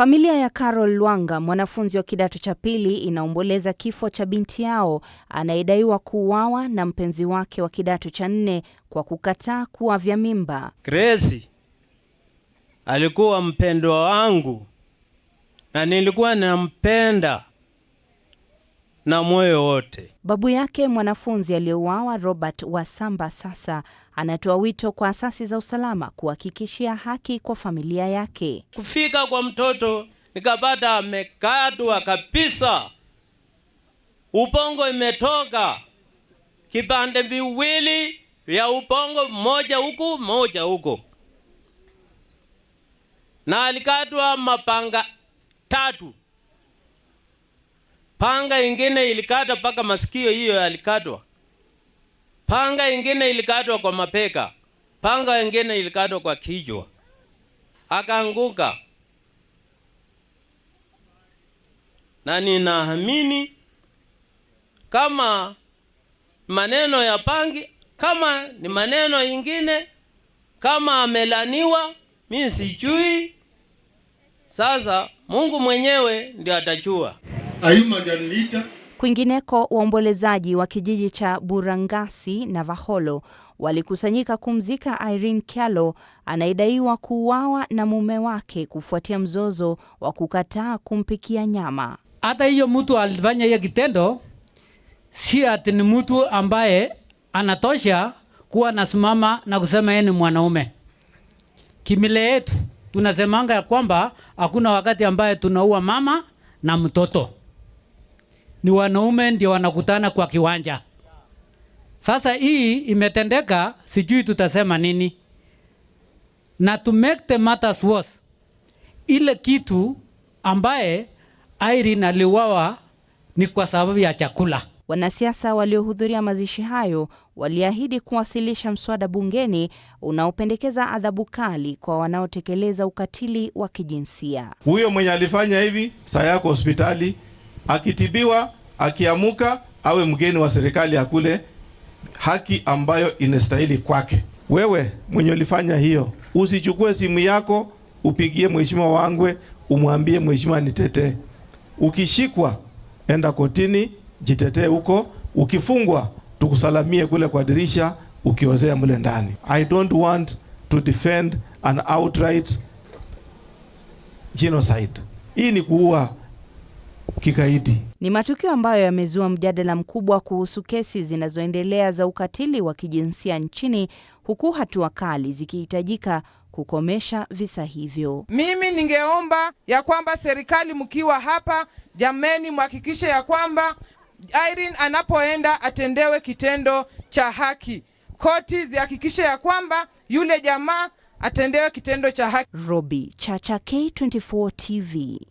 Familia ya Carol Lwanga, mwanafunzi wa kidato cha pili, inaomboleza kifo cha binti yao anayedaiwa kuuawa na mpenzi wake wa kidato cha nne kwa kukataa kuavya mimba. Grace alikuwa mpendwa wangu na nilikuwa nampenda na moyo wote. Babu yake mwanafunzi aliyeuawa Robert Wasamba sasa anatoa wito kwa asasi za usalama kuhakikishia haki kwa familia yake. Kufika kwa mtoto nikapata amekatwa kabisa, ubongo imetoka kipande viwili vya ubongo, moja huku moja huko na alikatwa mapanga tatu panga ingine ilikata mpaka masikio, hiyo alikatwa. Panga ingine ilikatwa kwa mapeka, panga ingine ilikatwa kwa kichwa, akaanguka. Na ninaamini kama maneno ya pangi, kama ni maneno ingine, kama amelaniwa, mimi sijui. Sasa Mungu mwenyewe ndio atajua. Ayuma Janlita Kwingineko, waombolezaji wa kijiji cha Burangasi na Vaholo walikusanyika kumzika Irene Kyalo anayedaiwa kuuawa na mume wake kufuatia mzozo wa kukataa kumpikia nyama. Hata hiyo mtu alifanya hiyo kitendo, si ati ni mtu ambaye anatosha kuwa anasimama na kusema yeye ni mwanaume. Kimile yetu tunasemanga ya kwamba hakuna wakati ambaye tunaua mama na mtoto ni wanaume ndio wanakutana kwa kiwanja. Sasa hii imetendeka, sijui tutasema nini. Na to make the matters worse, ile kitu ambaye Irene aliuawa ni kwa sababu ya chakula. Wanasiasa waliohudhuria mazishi hayo waliahidi kuwasilisha mswada bungeni unaopendekeza adhabu kali kwa wanaotekeleza ukatili wa kijinsia. Huyo mwenye alifanya hivi, saa yako hospitali akitibiwa, akiamuka awe mgeni wa serikali ya kule haki ambayo inastahili kwake. Wewe mwenye ulifanya hiyo, usichukue simu yako upigie mheshimiwa Wangwe umwambie mheshimiwa, nitetee. Ukishikwa enda kotini, jitetee huko. Ukifungwa tukusalamie kule kwa dirisha, ukiozea mle ndani. I don't want to defend an outright genocide. Hii ni kuua kikaidi. Ni matukio ambayo yamezua mjadala mkubwa kuhusu kesi zinazoendelea za ukatili wa kijinsia nchini, huku hatua kali zikihitajika kukomesha visa hivyo. Mimi ningeomba ya kwamba serikali, mkiwa hapa jameni, mhakikishe ya kwamba Irene anapoenda atendewe kitendo cha haki. Koti zihakikishe ya kwamba yule jamaa atendewe kitendo cha haki. Robi Chacha, K24 TV.